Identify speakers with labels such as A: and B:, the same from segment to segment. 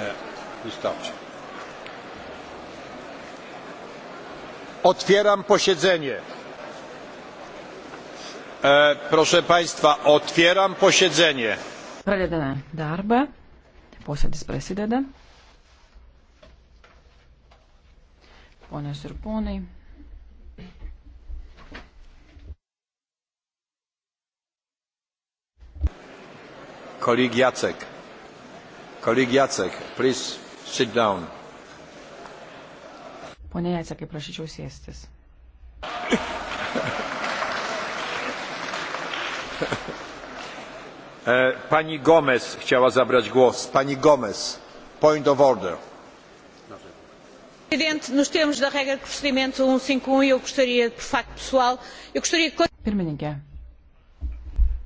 A: E, wystarczy. Otwieram posiedzenie. E, proszę Państwa, otwieram posiedzenie.
B: Pradedame darbą. Posėdis prasideda. Ponios ir ponai.
C: Kolig Jacek. Colleague Jacek, please sit down.
D: Pone Jacekai, prašyčiau sėstis.
E: E, pani Gomez chciała zabrać głos. Pani Gomez, point of order.
F: Presidente, nos termos da regra de procedimento 151, um um e eu gostaria, por facto pessoal, eu gostaria que... Pirmininkė,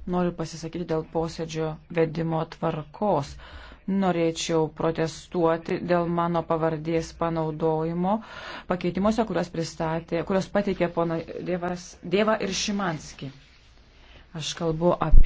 B: noriu pasisakyti dėl posėdžio vedimo tvarkos norėčiau protestuoti dėl mano pavardės panaudojimo pakeitimuose, kuriuos, pristatė, kuriuos pateikė pono Dievas, Dieva ir Šimanski. Aš kalbu apie.